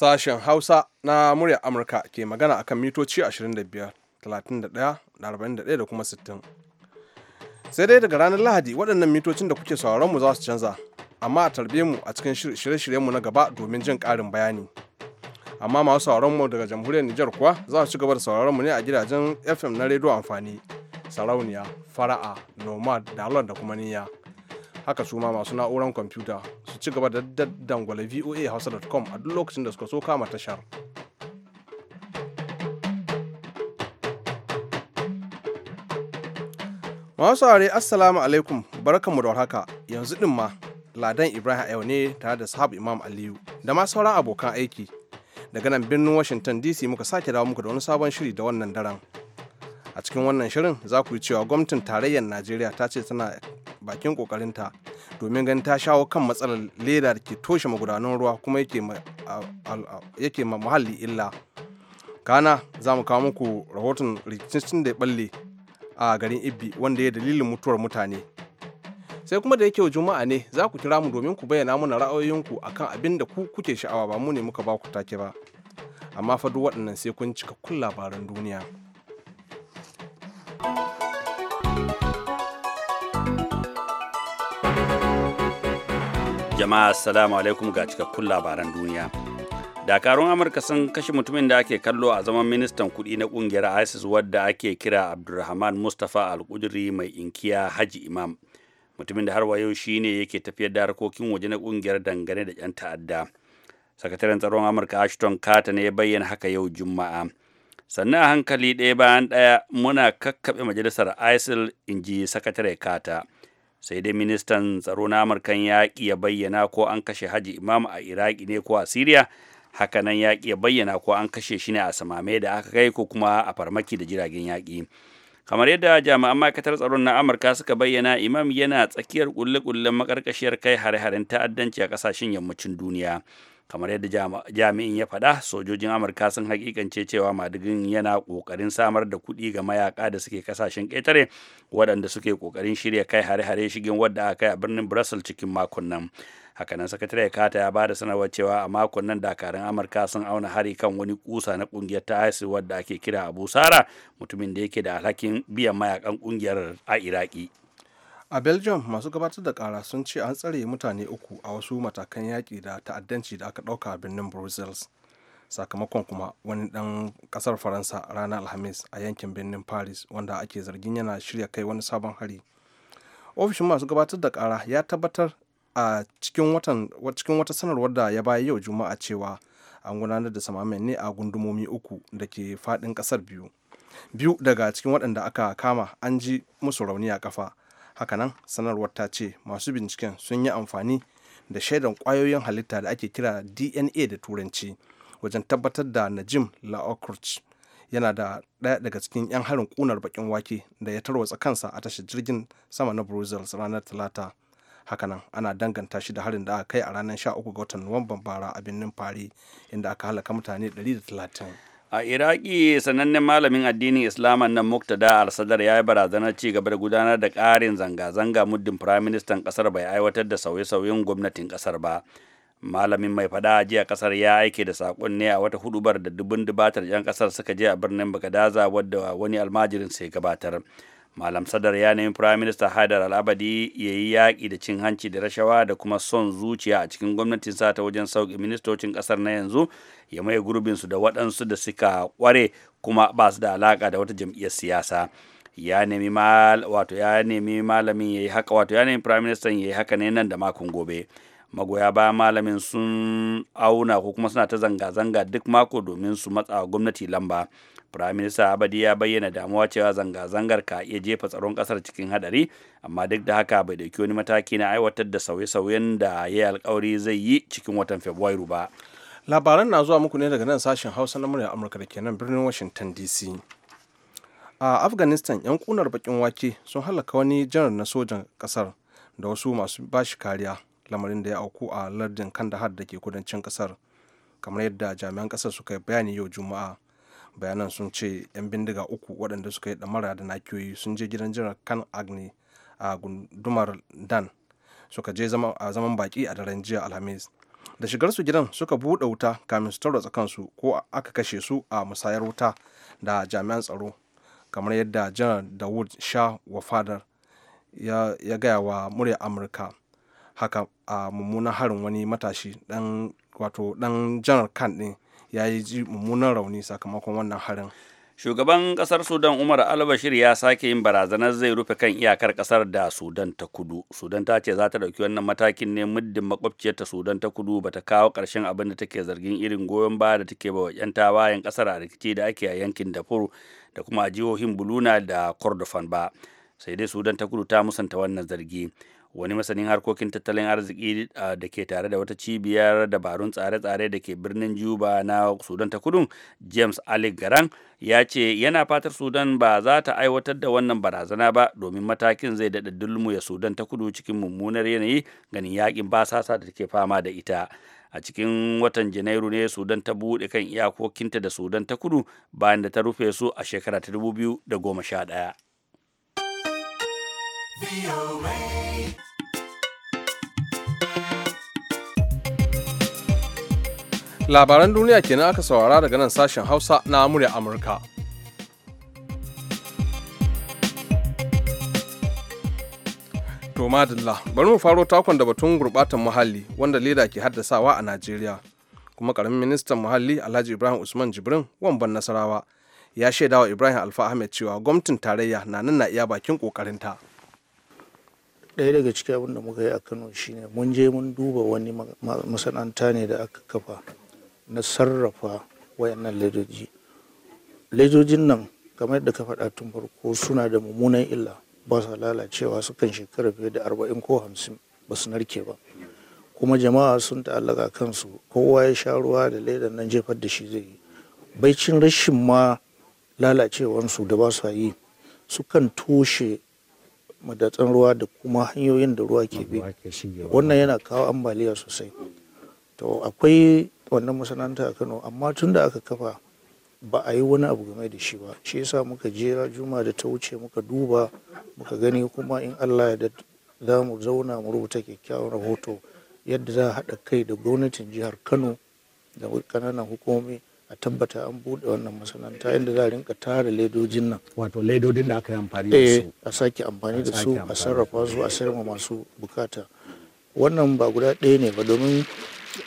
Sashen Hausa na muryar Amurka ke magana akan mitoci 25, 31, 41 da kuma 60. Sai dai daga ranar Lahadi waɗannan mitocin da kuke sauraron mu za su canza, amma a tarbe mu a cikin shirye shiryen mu na gaba domin jin ƙarin bayani. Amma masu sauraron mu daga jamhuriyar Nijar kuwa za su ci gaba da sauraron mu ne a gidajen FM na rediyo amfani, sarauniya, fara'a, nomad, dalon da kuma niyya. haka su ma masu na'uran kwamfuta su ci gaba da dangwale voa hausa.com a duk lokacin da suka so kama tashar masu saurare assalamu alaikum barkanmu da warhaka yanzu din ma ladan ibrahim yau ne tare da sahab imam aliyu da ma sauran abokan aiki daga nan birnin washington dc muka sake dawo muku da wani sabon shiri da wannan daren a cikin wannan shirin za ku yi cewa gwamnatin tarayyar najeriya ta ce tana bakin kokarinta domin ganin ta shawo kan matsalar leda da ke toshe magudanan ruwa kuma yake ma muhalli illa kana za mu kawo muku rahoton rikicin da ya balle a garin ibbi wanda ya dalilin mutuwar mutane sai kuma da yake wa juma'a ne za ku kira mu domin ku bayyana mana ra'ayoyinku akan abin da ku kuke sha'awa ba mu ne muka ba ku take ba amma fa duk waɗannan sai kun cika kun labaran duniya. Jama'a assalamu alaikum ga cikakkun labaran duniya. Dakarun Amurka sun kashe mutumin da ake kallo a zaman ministan kuɗi na ƙungiyar ISIS wadda ake kira Abdulrahman Mustapha al mai inkiya Haji Imam. Mutumin da har wa yau shine yake tafiyar da harkokin waje na kungiyar dangane da 'yan ta'adda. Sakataren tsaron Amurka Ashton Carter ne ya bayyana haka yau Juma'a. sannan a hankali ɗaya bayan ɗaya muna kakkaɓe majalisar isil in ji sakatare kata sai dai ministan tsaro na amurkan ya ya bayyana ko an kashe haji imam a iraki ne ko a siriya hakanan ya ya bayyana ko an kashe shi ne a samame da aka kai ko kuma a farmaki da jiragen yaƙi kamar yadda jami'an ma'aikatar tsaro na amurka suka bayyana imam yana tsakiyar kulle-kullen makarkashiyar kai hare-haren ta'addanci a kasashen yammacin duniya kamar yadda jami'in ya faɗa sojojin amurka sun hakikance cewa madigin yana ƙoƙarin samar da kuɗi ga mayaka da suke kasashen ƙetare waɗanda suke ƙoƙarin shirya kai hare-hare shigin wadda aka yi a birnin brussels cikin makon nan hakanan sakatare kata ya bada sanarwar cewa a makon nan dakarun amurka sun auna hari kan wani kusa na ƙungiyar ta isis wadda ake kira abu sara mutumin da yake da alhakin biyan mayakan ƙungiyar a iraki a belgium masu gabatar da kara sun ce an tsare mutane uku a wasu matakan yaƙi da ta'addanci da aka ɗauka a birnin brussels sakamakon kuma wani ɗan ƙasar faransa ranar alhamis a yankin birnin paris wanda ake zargin yana shirya kai wani sabon hari ofishin masu gabatar da kara ya tabbatar a cikin wata sanarwar da ya baya yau juma'a cewa an gudanar da samamen ne a gundumomi uku da ke faɗin ƙasar biyu biyu daga cikin waɗanda aka kama an ji musu rauni a kafa hakanan sanarwar ta ce masu binciken sun yi amfani da shaidan kwayoyin halitta da ake kira dna da turanci wajen tabbatar da najim la'okurch yana da ɗaya daga cikin 'yan harin ƙunar bakin wake da ya tarwatsa kansa a tashar jirgin sama na brussels ranar talata hakanan ana danganta shi da harin da aka kai a ranar 13 ga watan nuwamban bara a birnin fari inda aka halaka mutane 130 a iraki sanannen malamin addinin Islam nan muktada al-sadar ya yi barazanar ci gaba da gudanar da ƙarin zanga-zanga muddin firaministan ƙasar bai aiwatar da sauye-sauyen gwamnatin ƙasar ba malamin mai fada a jiya ƙasar ya aike da saƙon ne a wata hudubar da dubun dubatar 'yan ƙasar suka je a birnin bagadaza wadda wani almajirin sai gabatar malam sadar ya nemi firaminista haidar al'abadi ya yi yaƙi da cin hanci da rashawa da kuma son zuciya a cikin gwamnatin sa ta wajen sauƙi ministocin ƙasar na yanzu ya maye gurbinsu da waɗansu da suka ƙware kuma ba su da alaƙa da wata jam'iyyar siyasa ya nemi malamin ya yi haka wato ya nemi firaministan ya yi haka ne nan da makon gobe magoya bayan malamin sun auna ko kuma suna ta zanga-zanga duk mako domin su matsa gwamnati lamba firaminista abadi ya bayyana damuwa cewa zanga-zangar ka iya jefa tsaron kasar cikin hadari amma duk da haka bai dauki wani mataki na aiwatar da sauye-sauyen da ya yi alkawari zai yi cikin watan fabrairu ba labaran na zuwa muku ne daga nan sashen hausa na murya amurka da ke nan birnin washington dc a afghanistan yan kunar bakin wake sun halaka wani janar na sojan kasar da wasu masu bashi kariya lamarin da ya auku a lardin kandahar da ke kudancin kasar kamar yadda jami'an kasar suka yi bayani yau juma'a bayanan sun ce 'yan bindiga uku waɗanda suka yi ɗamara da nakiyoyi sun je gidan jiran kan agni a gundumar dan suka je a zaman baki a daren jiya alhamis da shigar su gidan suka buɗe wuta kamin su tarwatsa kansu ko aka kashe su a musayar wuta da jami'an tsaro kamar yadda janar dawud sha wa fadar ya gaya wa murya amurka haka a mummunan harin wani matashi dan wato dan janar kan din ya yi ji mummunan rauni sakamakon wannan harin shugaban kasar sudan umar albashir ya sake yin barazanar zai rufe kan iyakar kasar da sudan ta kudu sudan ta ce za ta ɗauki wannan matakin ne muddin ta sudan ta kudu bata kawo ƙarshen abin da take zargin irin goyon baya da take ba wa 'yan tawayen kasar a rikici da ake a yankin dafur da kuma a jihohin buluna da kordofan ba sai dai sudan ta kudu ta musanta wannan zargi wani masanin harkokin tattalin arziki da ke tare da wata cibiyar dabarun tsare-tsare da ke birnin juba na sudan ta kudun james alec garan ya ce yana fatar sudan ba za ta aiwatar da wannan barazana ba domin matakin zai daɗa dulmu ya sudan ta kudu cikin mummunar yanayi ganin yakin basasa da take fama da ita a cikin watan janairu ne sudan ta buɗe kan iyakokinta da sudan ta kudu bayan da ta rufe su a shekara ta 2011 Labaran duniya kenan aka saurara daga nan sashen Hausa na murya Amurka. To madalla, bari mu faro takon da batun gurbatan muhalli wanda leda ke haddasawa a Najeriya. Kuma ƙaramin ministan muhalli Alhaji Ibrahim Usman Jibrin wamban Nasarawa ya shaidawa Ibrahim Alfa Ahmed cewa gwamnatin tarayya na nan na iya bakin ƙoƙarinta. ɗaya daga cikin abin da muka yi a kano shine mun je mun duba wani masana'anta ne da aka kafa na sarrafa wayannan ledoji ledojin nan kamar yadda ka faɗa tun farko suna da mummunan illa ba sa lalacewa sukan shekara fiye da arba'in ko hamsin ba su narke ba kuma jama'a sun ta'allaka kansu kowa ya sha ruwa da ledan nan jefar da shi zai yi baicin rashin ma lalacewansu da ba su yi sukan toshe madatsan ruwa da kuma hanyoyin da ruwa ke bi wannan yana kawo ambaliya sosai to akwai wannan masana'anta a kano amma tun da aka kafa ba a yi wani abu game da shi ba shi yasa muka je juma da ta wuce muka duba muka gani kuma in allah da za mu zauna mu rubuta kyakkyawan rahoto yadda za a haɗa kai da gwamnatin jihar kano da ƙananan hukumomi a tabbata an buɗe wannan masana'anta inda za a rinka tara ledojin nan wato ledojin da aka yi amfani da su eh, a sake amfani da su a sarrafa su a sayar masu bukata wannan ba guda ɗaya ne ba domin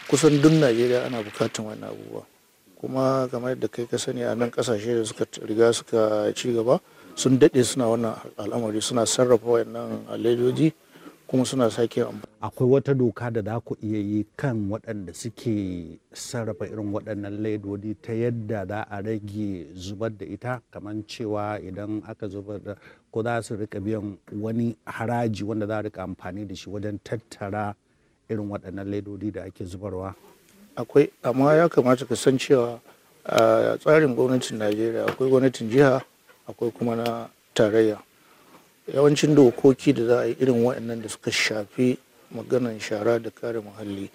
kusan duk najeriya ana bukatan wannan abubuwa kuma kamar da kai ka sani a nan kasashe da suka riga suka ci gaba sun daɗe suna wannan al'amari suna sarrafa wannan ledoji kuma suna sake akwai wata doka da za ku iya yi kan waɗanda suke sarrafa irin waɗannan laidodi ta yadda za a rage zubar da ita kamar cewa idan aka zubar da ko za su rika biyan wani haraji wanda za a rika amfani da shi wajen tattara irin waɗannan laidodi da ake zubarwa akwai amma ya kamata ka san cewa a tsarin gwamnatin najeriya akwai gwamnatin jiha akwai kuma na tarayya yawancin dokoki da za a yi irin waɗannan da suka shafi maganan shara da kare muhalli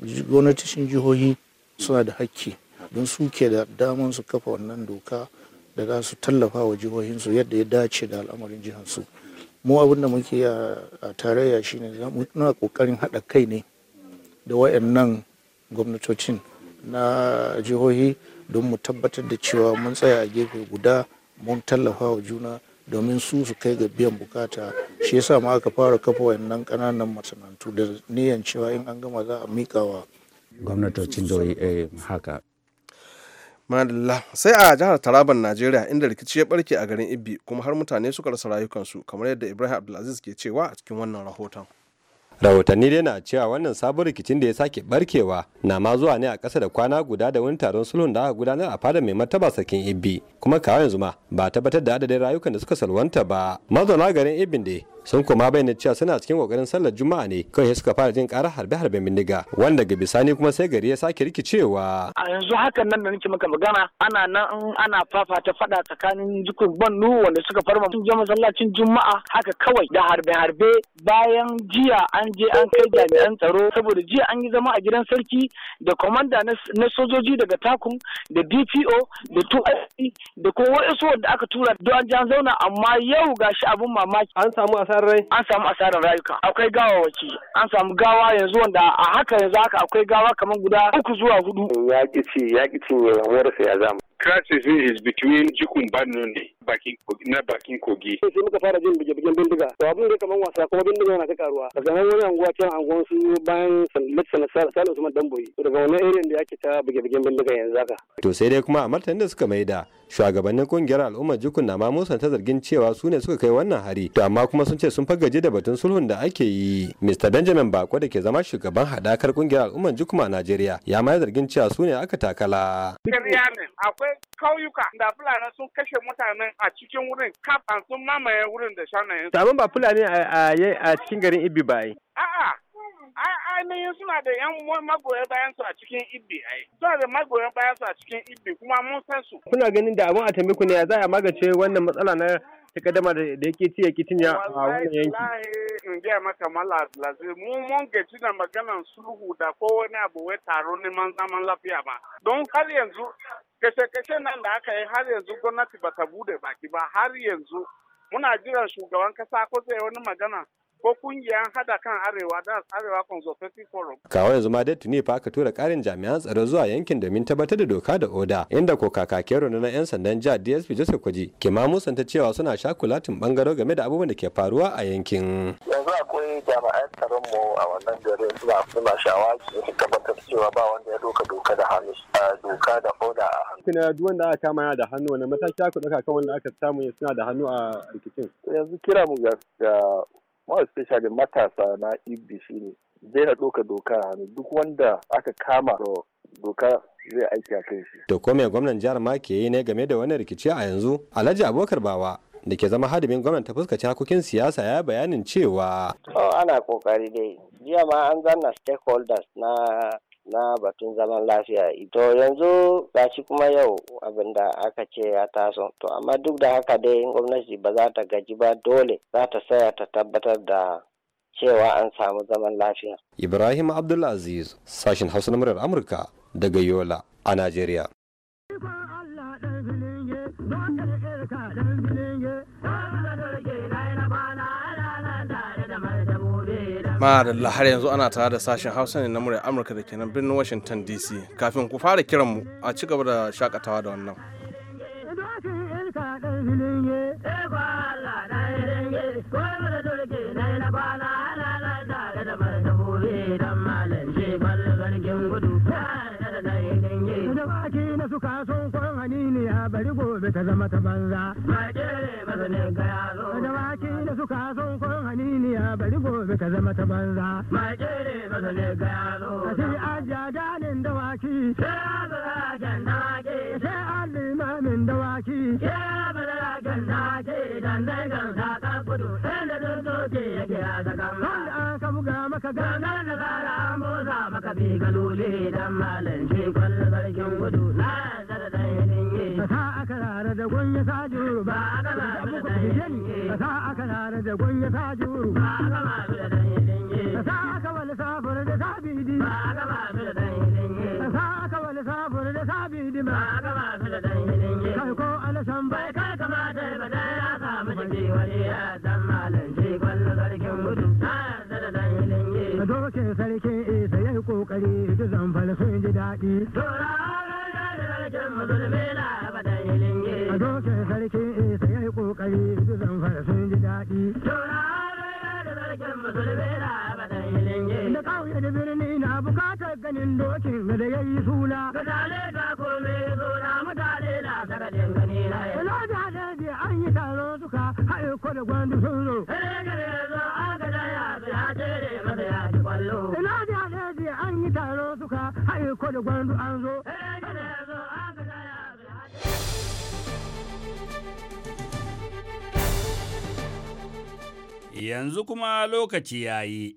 gwamnatocin jihohi suna da hakki don suke da daman su kafa wannan doka da za su tallafa wa jihohinsu yadda ya dace da al'amarin jihansu mu abin da muke a tarayya shine muna kokarin haɗa kai ne da wayannan gwamnatocin na jihohi don mu tabbatar da cewa mun tsaya a gefe guda mun tallafa wa juna domin su su kai ga biyan bukata shi yasa ma aka fara kafa wayannan kananan masana'antu da niyan cewa in an gama za a mika wa gwamnatocin da eh, haka madalla sai a jihar taraban najeriya inda rikici ya barke a garin ibbi kuma har mutane suka rasa rayukansu kamar yadda ibrahim abdulaziz ke cewa a cikin wannan rahoton rahotanni dai na cewa wannan sabon rikicin da ya sake barkewa na ma zuwa ne a ƙasa da kwana guda da wani taron sulhun da aka gudanar a fada mai mataba sakin ibbi kuma kawai yanzu ma ba tabbatar da adadin rayukan da suka salwanta ba mazauna garin ibin da sun kuma bayyana cewa suna cikin kokarin sallar juma'a ne kawai suka fara jin karar harbe harbe bindiga wanda ga bisani kuma sai gari ya sake rikicewa a yanzu hakan nan da nake maka magana ana nan ana fafata fada tsakanin jikun bannu wanda suka farma sun je masallacin juma'a haka kawai da harbe-harbe bayan jiya an je an kai jami'an tsaro saboda jiya an yi zama a gidan sarki da komanda na sojoji daga takun da dpo da 2 da kuma wasu wanda aka tura don an zauna amma yau gashi abin mamaki an samu asara sarrai? An samu asarar rayuka. Akwai gawawaki. An samu gawa yanzu wanda a haka yanzu haka akwai gawa kamar guda uku zuwa hudu. Ya ƙi ci ya ƙi cinyewa ya crisis is between jikun bano ne na bakin kogi. sai muka fara jin buge bindiga to abin da kaman wasa kuma bindiga yana ta karuwa daga nan wani anguwa can anguwan su bayan lati na sala sala usman damboyi to daga wani area da yake ta buge bindiga yanzu haka. to sai dai kuma a martanin da suka maida shugabannin kungiyar al'ummar jikun na ma ta zargin cewa su ne suka kai wannan hari to amma kuma sun ce sun fagaje da batun sulhun da ake yi mr benjamin bako da ke zama shugaban hadakar kungiyar al'ummar jikuma a najeriya ya ma zargin cewa su ne aka takala. akwai kauyuka da fulani sun kashe mutanen a cikin wurin kaf sun mamaye wurin da shanayen. Sabon ba fulani a cikin garin Ibi ba yi. A'a ainihin suna da yan magoya bayan su a cikin ibbi ai suna da magoya bayan su a cikin ibbi kuma mun san su kuna ganin da abun a tambi ku ne za a magace wannan matsala na takaddama da yake ci yake cinya a wannan yanki in gaya maka mala lazi mu mun gaci da maganan sulhu da ko wani abu wai taro neman zaman lafiya ba don har yanzu kashe-kashe nan da aka yi har yanzu gwamnati ba ta bude baki ba har yanzu muna jiran shugaban kasa ko zai wani magana ko kungiyar hada kan arewa da arewa consultative forum. kawo yanzu ma dai tuni fa aka tura karin jami'an tsaro zuwa yankin domin tabbatar da doka da oda inda ko kakakin rundunar yan sandan jihar dsp joseph kwaji ke ma musanta cewa suna shakulatin bangaro game da abubuwan da ke faruwa a yankin. yanzu akwai jami'an tsaron mu a wannan garin suna suna shawaki su tabbatar cewa ba wanda ya doka doka da hannu doka da oda a hannu. wanda aka kama da hannu wani mataki aka ɗauka kan wanda aka samu suna da hannu a rikicin. yanzu kira mu ga ma especially matasa na ne shine daina ɗauka doka hannu duk wanda aka kama da doka zai aiki a kai shi. To kome gwamnan jihar ma ke yi ne game da wannan rikici a yanzu? Alhaji Abubakar Bawa da ke zama hadimin gwamnan ta fuskaci cakukin siyasa ya bayanin cewa. ana kokari dai. Jiya ma an zanna stakeholders na na batun zaman lafiya ito yanzu gashi kuma yau abin da aka ce ya taso to amma duk da haka dai in gwamnati ba za ta gaji ba dole za ta saya ta tabbatar da cewa an samu zaman lafiya ibrahim abdulaziz sashen hausa na muryar amurka daga yola a najeriya Madalla har yanzu ana tare da sashen Hausa ne na murya Amurka da kenan birnin Washington DC. Kafin ku fara kiran mu a ci gaba da shakatawa da wannan. Ko bari gobe ta zama ta banza. Maƙere mazanin kaya zo. Dawaki da suka sun kun haniniya bari gobe ta zama ta banza. Maƙere mazanin kaya zo. Kasi ajiya danin dawaki. Sai da sa ta juru ba ga ba mi da dan yidin sa ka wal da sabidi ba ga ba da sa ka wal da sabidi ba ga ba mi da dan yidin kai ko alasan bai kai kamata ba da ya samu jiki wani ya dan malam kwallo sarkin mutu na yarda da dan yidin ye doke sarki isa yayi kokari duk zan sun ji daɗi. ƙauye da birni na bukatar ganin dokin da ya suna. Ga dale da kome suna na da an yi yanzu ya masa ya daji an yi taron suka haɗe ko da gwandu an zo. yanzu kuma lokaci ya yi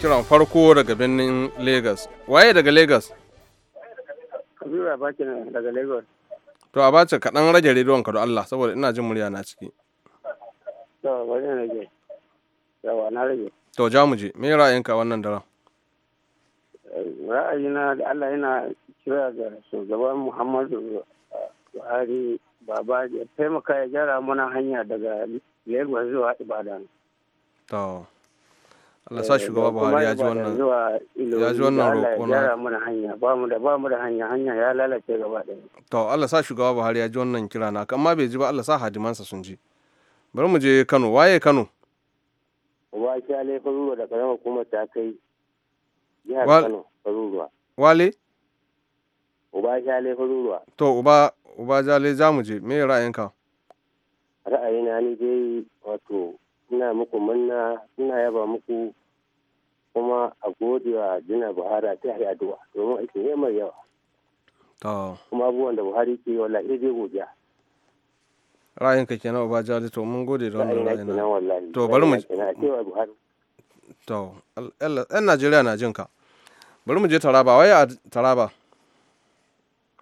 kiran farko daga birnin Lagos. Waye daga Lagos? Kabiru Abacha daga Lagos. To Abacha kaɗan rage rediyon ka da Allah saboda ina jin murya na ciki. To bari na rage. Yawa na rage. To ja mu je, me ra'ayinka wannan daren? Ra'ayina da Allah yana kira ga shugaban Muhammadu Buhari Baba ya taimaka ya gyara mana hanya daga Lagos zuwa Ibadan. To. Allah sa shugaba Buhari ya ji wannan ya ji wannan roƙo na ba mu da ba mu da hanya hanya ya lalace gaba ɗaya to Allah sa shugaba Buhari ya ji wannan kira na amma bai ji ba Allah sa hadimansa sun ji bari mu je Kano waye Kano wa shi alai faruwa da karama kuma ta kai jihar Kano faruwa wale uba jale alai faruwa to uba uba jale za mu je me ra'ayinka ra'ayina ni dai wato ina muku manna ina yaba muku kuma a gode wa jina buhari ta yi addu'a domin aiki ne mai yawa kuma abubuwan da buhari ke wala ya je godiya ra'ayin ka kenan ba jali to mun gode da wannan ra'ayin to bari mu to ɗan najeriya na jin ka bari mu je taraba wai a taraba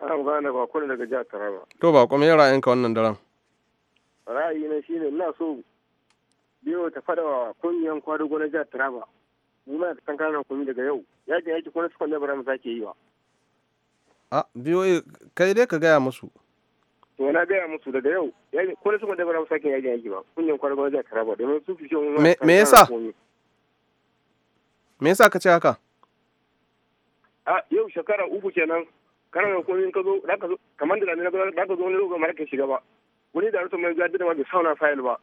an gane ba kullu daga jihar taraba to ba kuma yin ra'ayin ka wannan daren ra'ayi na shine ina so biyo ta fada wa kungiyar kwadugo na jihar taraba mu ta kan kana kuma daga yau yajin aiki kuma sukan bara mu sake yi wa a biyo kai dai ka gaya musu to na gaya musu daga yau kuma sukan bara mu sake yajin aiki ba kungiyar kwadugo na jihar taraba domin su fi shan me yasa me yasa ka ce haka a yau shekara uku kenan kana da komai ka zo kamar da na zo ne ga mara ka shiga ba wani da rusa mai gadi da ma bai sauna fayil ba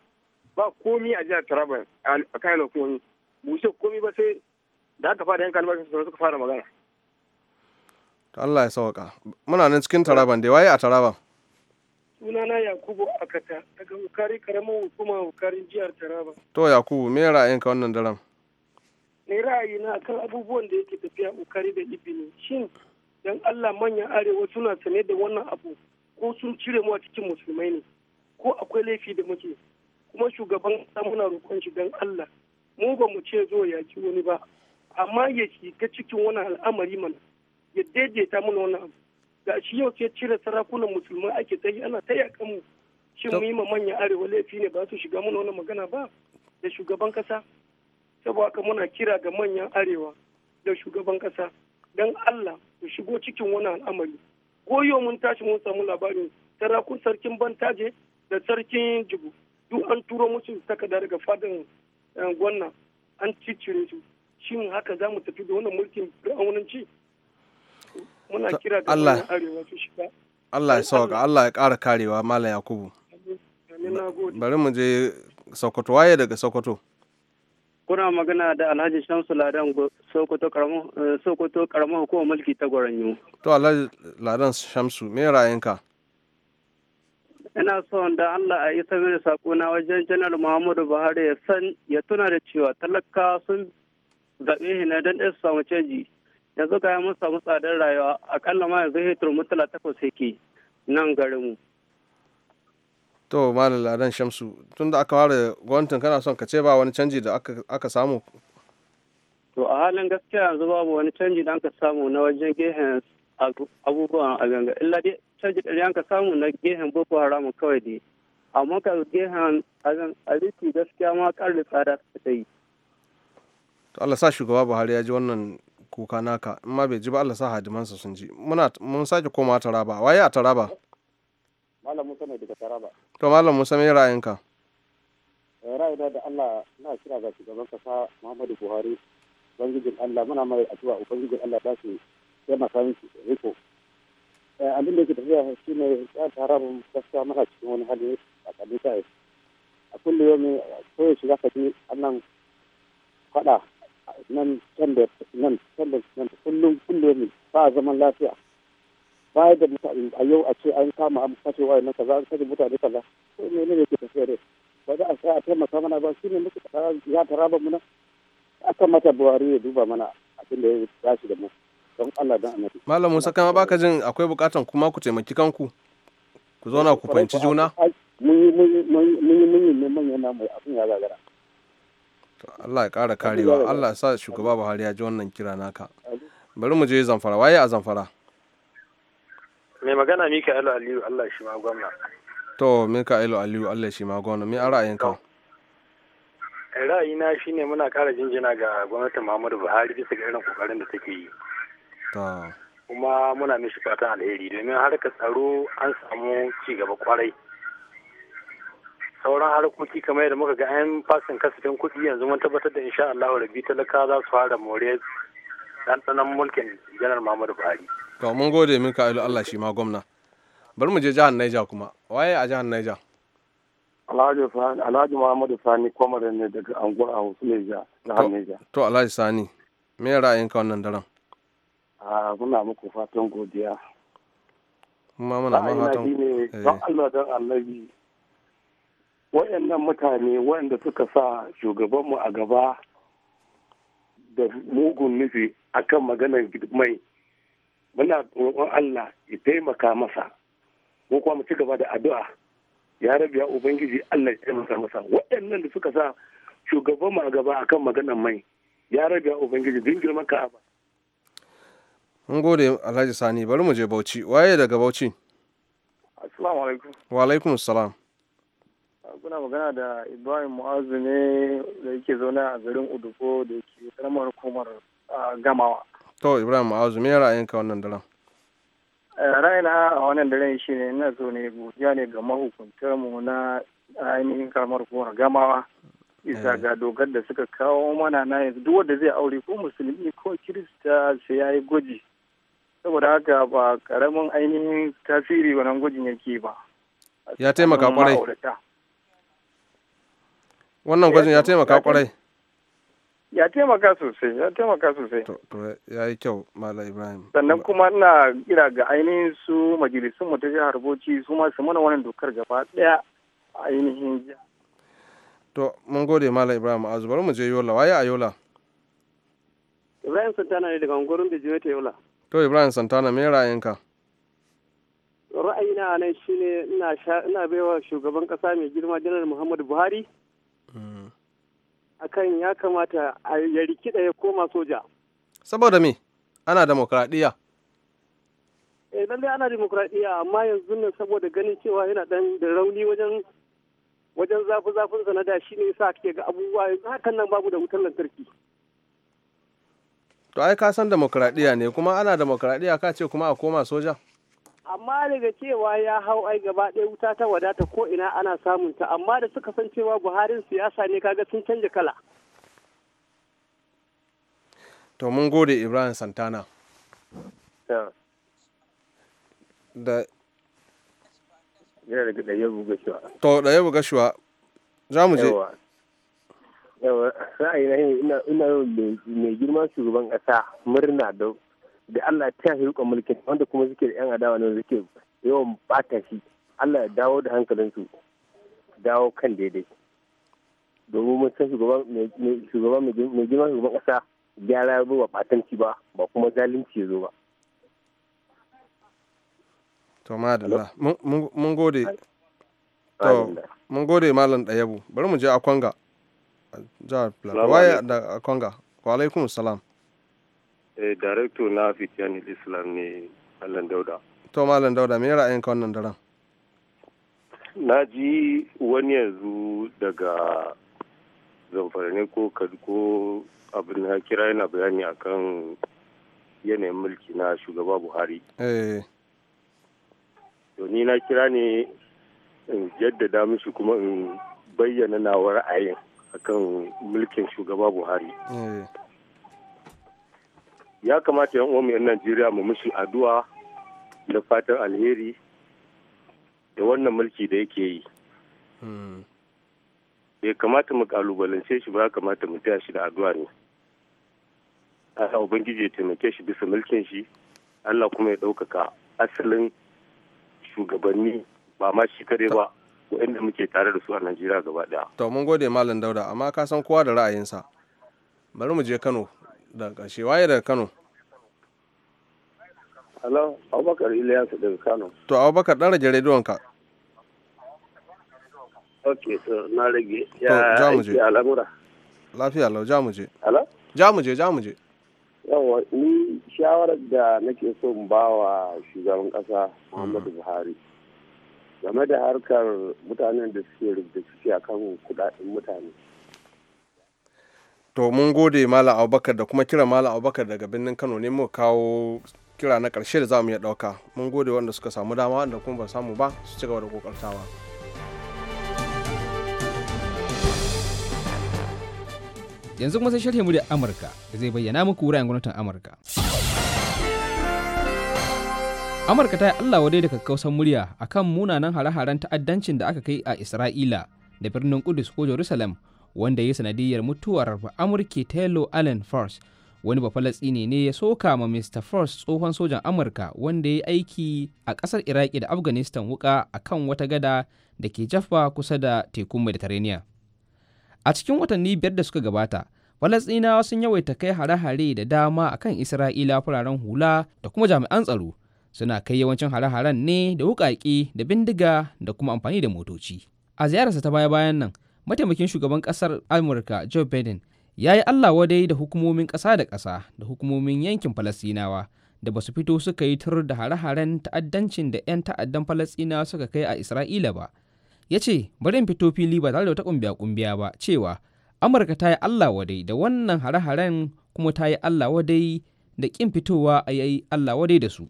ba komi a jihar Taraba a kayan hukumomi bushe komi ba sai da aka fara yan kalmar su suka fara magana Ta Allah ya sauka muna nan cikin Taraban da waye a Taraban sunana Yakubu Akata daga Ukari karamar hukuma Ukarin jihar Taraba to Yakubu me ra'ayinka wannan daren ne na kan abubuwan da yake tafiya Ukari da Ibini shin dan Allah manyan arewa suna sane da wannan abu ko sun cire mu a cikin musulmai ne ko akwai laifi da muke kuma shugaban kasa muna roƙon shi don Allah mu ba mu ce zo yaki wani ba amma ya shiga cikin wani al'amari mana ya daidaita mana wani abu ga shi yau sai cire sarakunan musulman ake ta yi ana ta yakan mu shin mu yi ma manyan arewa laifi ne ba su shiga mana wani magana ba da shugaban ƙasa saboda haka muna kira ga manyan arewa da shugaban ƙasa don Allah mu shigo cikin wani al'amari goyo mun tashi mun samu labarin sarakun sarkin bantaje da sarkin jibu duk an turo musu takarda daga fadin eh, gwanna an ciccire su shin haka za mu tafi da wannan mulkin fir'aunanci muna kira da Allah arewa su shiga Allah ya sauka Allah ya ƙara karewa Malam Yakubu bari mu je Sokoto waye daga Sokoto kuna magana da Alhaji Shamsu Ladan Sokoto karamar eh, Sokoto karamar hukumar mulki ta Gwaranyo to Alhaji Ladan Shamsu me ra'ayinka ina son da Allah a isa mini sakona wajen janar Muhammadu Buhari ya san ya tuna da cewa talaka sun zaɓe na don ɗan su samu canji yanzu ga mun samu tsadar rayuwa akalla ma yanzu hitar mutala takwas yake nan garin mu. To Malam Ladan Shamsu tunda aka ware gwamnatin kana son ka ce ba wani canji da aka samu? To a halin gaskiya yanzu babu wani canji da aka samu na wajen gehen abubuwan a ganga illa dai caji ɗari an ka samu na gehen boko haram kawai ne amma ka gehen azan aliki gaskiya ma ƙarni tsada ta yi. to Allah sa shugaba Buhari ya ji wannan kuka naka in ma bai ji ba Allah sa hadimansa sun ji muna mun sake koma taraba waye a taraba. malam Musa ne daga taraba. to malam Musa mai ra'ayinka. Eh, ra'ayina da Allah na kira ga shugaban kasa Muhammadu Buhari ubangijin Allah muna mai addu'a ubangijin Allah za su taimaka miki riko Eh, abin da yake tafiya shi ne ya tara mu gaskiya muna cikin wani hali a kalita yi a kullum yau ne koyaushe za ka ji annan faɗa nan can da nan can da nan kullum kullum ba zaman lafiya ba da mutane a yau a ce an kama an kashe wayan nan kaza an kashe mutane kaza ko ne ne ke tafiya dai ba za a sai a taimaka mana ba shi ne muka ya tara mu na aka mata buhari ya duba mana abin da ya tashi da mu don Allah da annabi malam Musa kama baka jin akwai bukatan kuma ku taimaki kanku ku zauna ku fahimci juna mun yi mun yi neman na mai abin ya gagara Allah ya kara karewa Allah ya sa shugaba Buhari ya ji wannan kira naka bari mu je zamfara waye a zamfara mai magana Mika'ilu Aliyu Allah shi ma gwamna to Mika'ilu Aliyu Allah shi ma gwamna me a ra'ayinka ra'ayina shine muna kara jinjina ga gwamnatin Muhammadu Buhari bisa ga irin kokarin da take yi kuma muna mishi fata alheri domin harkar tsaro an samu ci gaba kwarai sauran harkoki kamar yadda muka ga yan fasin kasafin kuɗi yanzu mun tabbatar da insha Allah rabi talaka za su fara more ɗanɗanon mulkin janar Muhammadu Buhari. To mun gode minka ka Allah shi ma gwamna. Bari mu je jihar Niger kuma. Waye a jihar Niger? Alhaji Sani Alhaji Muhammadu Sani kwamarin ne daga anguwar a Niger, jihar Niger. To Alhaji Sani me ra'ayinka wannan daren? Ah, muna muku fatan godiya ma muna ma fatan eh. don Allah don Annabi wayannan mutane wayanda suka sa shugabanmu a gaba da mugun nufi a kan maganar mai muna roƙon Allah ya taimaka masa ko kuma mu ci gaba da addu'a ya rabiya ubangiji Allah ya taimaka masa waɗannan da suka sa shugaban mu a gaba a kan maganar mai ya rabiya ubangiji din girman ka ba Mun gode Alhaji Sani bari mu je Bauchi. Waye daga Bauchi? Assalamu alaikum. Wa alaikum assalam Kuna magana da Ibrahim Mu'azu ne da yake zaune a garin Udugo da yake karamar hukumar Gamawa. To Ibrahim Mu'azu me ra'ayinka wannan daren? Ra'ayina a wannan daren shine ina so ne godiya ne ga mahukuntar mu na ainihin karamar hukumar Gamawa. Isa eh. ga dogar da suka kawo mana na yanzu duk wanda zai aure ko musulmi ko kirista sai ya yi gwaji saboda haka ba karamin ainihin tasiri wannan gwajin yake ba ya taimaka kwarai wannan gwajin ya taimaka kwarai ya taimaka sosai ya taimaka sosai to ya yi kyau mala ibrahim sannan kuma ina kira ga ainihin su majalisun mu ta jihar bauchi su ma su mana wannan dokar gaba daya ainihin jihar to mun gode mala ibrahim a bari mu je yola waye a yola ibrahim sultana ne daga ungurin bijiyoyi ta yola To Ibrahim Santana me ra'ayinka? Ra'ayina a nan shine ina ina baiwa shugaban kasa mai girma janar Muhammadu Buhari. Mm. Akan ya kamata a ya rikida ya koma soja. Saboda me? Ana demokradiyya. Eh lallai ana demokradiyya amma yanzu ne saboda ganin cewa yana dan da rauni wajen wajen zafi zafin sa na da shine yasa kake ga abubuwa yanzu hakan nan babu da wutar lantarki. to ai ka san demokradiyya ne kuma ana demokradiyya ka ce kuma a koma soja amma daga cewa ya hau ai gaba ɗaya wuta ta wadata ko ina ana samun ta amma da suka san cewa buharin siyasa ne kaga sun canja kala to mun gode ibrahim santana da ya da ɗaya buga shuwa to ɗaya buga shuwa za mu je ra'ayina ina ina mai girman shugaban kasa murna da da Allah ta tafi rikon mulkin wanda kuma suke da yan adawa ne suke yawan bata shi Allah ya dawo da hankalinsu dawo kan daidai domin mun san shugaban mai girman shugaban kasa gyara ya ba batanci ba ba kuma zalunci ya zo ba. To madalla mun gode. To mun gode malam Dayabu bari mu je a kwanga. jihar plateau waye da konga wa alaikum salam eh director na fitiyan islam ne allan dauda to malam dauda me ra'ayin ka wannan daren na ji wani yanzu daga zamfarni ko ko abin na kira yana bayani akan yanayin mulki na shugaba buhari eh. to ni na kira ne in jaddada mishi kuma in bayyana nawa ra'ayin a kan mulkin shugaba buhari eh. ya kamata yan uwan yan najeriya mu mushi addu'a da fatan alheri da wannan mulki da yake yi hmm. bai kamata mu kalubalance shi ba ya kamata mu taya shi da addu'a ne Allah Ubangiji ya taimake shi bisa mulkin shi Allah kuma ya ɗaukaka asalin shugabanni ba ma shi kare ba waɗanda muke tare da su a najeriya gaba ɗaya to mun gode malam dauda amma ka san kowa da ra'ayinsa bari mu je kano da ƙarshe waye daga kano Hello, Abubakar Ilyasu daga Kano. To, Abubakar, ɗan rage ka. Ok, to, na rage. Ya to, jamuje. Ya Lafiya lau, jamuje. Hello? mu je. Yawa, ni shawarar da nake so in ba wa shugaban ƙasa Muhammadu mm. Buhari. game da harkar mutanen da suke rubuta a kan kudaden mutane to mun gode malam abubakar da kuma kira malam abubakar daga birnin kano ne mu kawo kira na karshe da za mu iya ɗauka mun gode wanda suka samu dama wanda kuma ba samu ba su ci gaba da kokartawa yanzu kuma sai sharhi mu da amurka da zai bayyana muku wuraren gwamnatin amurka amurka ta yi allah wadai da kakkausan murya a kan munanan hare-haren ta'addancin da aka kai a isra'ila da birnin kudus ko jerusalem wanda ya sanadiyar mutuwar amurki taylor allen force wani bafalatsine ne ya soka ma mr force tsohon sojan amurka wanda ya yi aiki a ƙasar iraki da afghanistan wuka kan wata gada da ke jaffa kusa da tekun mediterranean a cikin watanni biyar da suka gabata falasɗinawa sun yawaita kai hare-hare da dama akan isra'ila fararen hula da kuma jami'an tsaro suna kai yawancin hare-haren ne da wukaƙe da bindiga da kuma amfani da motoci a ziyararsa ta baya-bayan nan mataimakin shugaban ƙasar amurka joe biden ya yi allah wadai da hukumomin ƙasa da ƙasa da hukumomin yankin falasinawa da ba su fito suka yi tur da hare-haren ta'addancin da 'yan ta'addan falasinawa suka kai a isra'ila ba ya ce bari fito fili ba tare da wata kumbiya-kumbiya ba cewa amurka ta yi allah wadai da wannan hare-haren kuma ta yi allah wadai da ƙin fitowa a yi allah wadai da su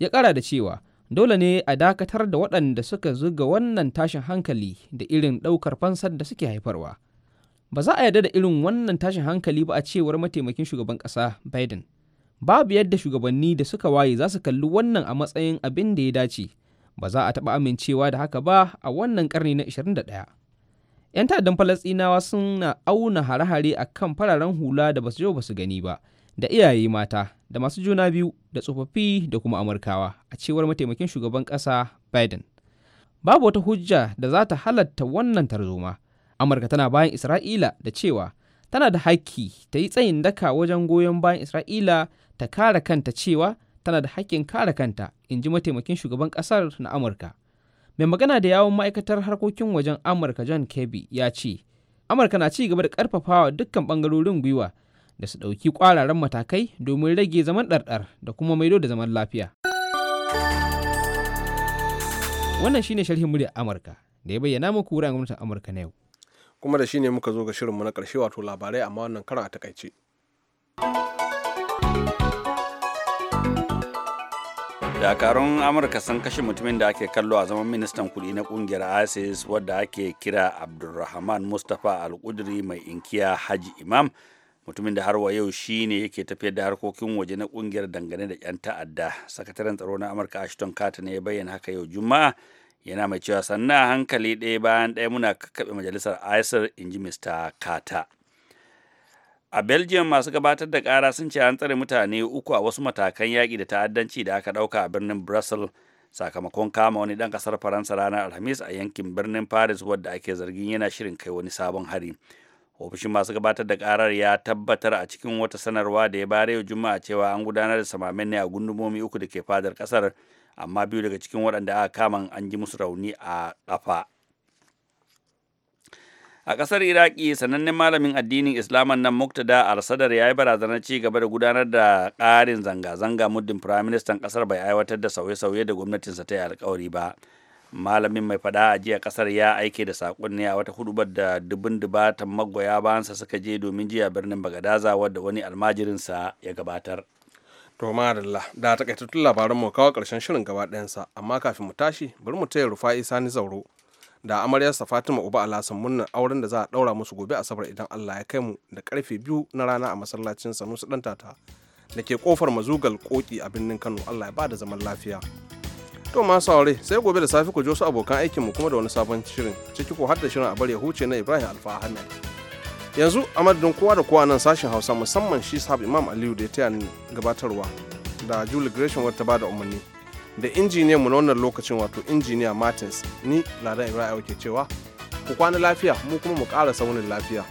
ya ƙara da cewa dole ne a dakatar da waɗanda suka zuga wannan tashin hankali da irin ɗaukar fansar da suke haifarwa ba za a yarda da irin wannan tashin hankali ba a cewar mataimakin shugaban ƙasa biden babu yadda shugabanni da suka waye za su kalli wannan a matsayin abin da ya dace ba za a taɓa amincewa da haka ba a wannan ƙarni na da ɗaya. 'yan ta'addan falasɗinawa suna auna hare-hare a kan fararen hula da basu yau ba su gani ba da iyaye mata da masu juna biyu da tsofaffi da kuma amurkawa a cewar mataimakin shugaban ƙasa biden babu wata hujja da za ta halatta wannan tarzoma amurka tana bayan isra'ila da cewa tana da haƙƙi ta yi tsayin daka wajen goyon bayan isra'ila ta kare kanta cewa tana da haƙƙin kare kanta in ji mataimakin shugaban ƙasar na amurka mai magana da yawon ma'aikatar harkokin wajen amurka john Kebbi ya ce amurka na ci gaba da ƙarfafawa dukkan ɓangarorin gwiwa da su ɗauki ƙwararren matakai domin rage zaman ɗarɗar da kuma maido da zaman lafiya. Wannan shine sharhin murya Amurka da ya bayyana muku wurin gwamnatin Amurka na yau. Kuma da shine muka zo ga shirinmu na ƙarshe wato labarai amma wannan karan a takaice. dakarun amurka sun kashe mutumin da ake kallo a zaman ministan kudi na kungiyar isis wadda ake kira abdulrahman mustapha al mai inkiya haji imam mutumin da har wa yau shi ne yake tafiyar da harkokin waje na kungiyar dangane da 'yan ta'adda sakataren tsaro na amurka ashton carter ne ya bayyana haka yau juma'a yana mai cewa sannan hankali ɗaya bayan ɗaya muna kakkaɓe majalisar isar in ji mr carter a belgium masu gabatar da ƙara sun ce an tsare mutane uku a wasu matakan yaƙi da ta'addanci da aka ɗauka a birnin brussels sakamakon kama wani ɗan ƙasar faransa ranar alhamis a yankin birnin paris wadda ake zargin yana shirin kai wani sabon hari ofishin masu gabatar da karar ya tabbatar a cikin wata sanarwa da ya bare yau juma'a cewa an gudanar da samamen ne a gundumomi uku da ke fadar kasar amma biyu daga cikin waɗanda aka kama an ji musu rauni a ƙafa a ƙasar iraki sanannen malamin addinin islaman nan muktada al-sadar ya yi barazanar ci gaba da gudanar da ƙarin zanga-zanga muddin firaministan ƙasar bai aiwatar da sauye-sauye da gwamnatinsa ta yi alkawari ba malamin mai fada a jiya kasar ya aike da sakon ne a wata hudubar da dubun dubatan magoya bayansa suka je domin jiya birnin bagadaza wadda wani almajirinsa ya gabatar to madalla da takaitattun labaran mu kawo karshen shirin gaba ɗayansa amma kafin mu tashi bari mu taya rufa rufa'i sani zauro da amaryarsa fatima uba alhassan murnar auren da za a daura musu gobe asabar idan allah ya kai mu da karfe biyu na rana a masallacin sanusi ɗan tata da ke kofar mazugal koki a birnin kano allah ya ba da zaman lafiya To masu aure sai gobe da safe ku ji wasu abokan aikinmu kuma da wani sabon shirin ciki ko har da shirin a bari ya huce na Ibrahim Alfa Yanzu a madadin kowa da kowa nan sashen Hausa musamman shi sahab Imam Aliyu da ya taya ni gabatarwa da Julie Gresham wata bada umarni da injiniyan mu na wannan lokacin wato injiniya Martins ni Ladan Ibrahim ke cewa ku kwana lafiya mu kuma mu ƙara saunin lafiya.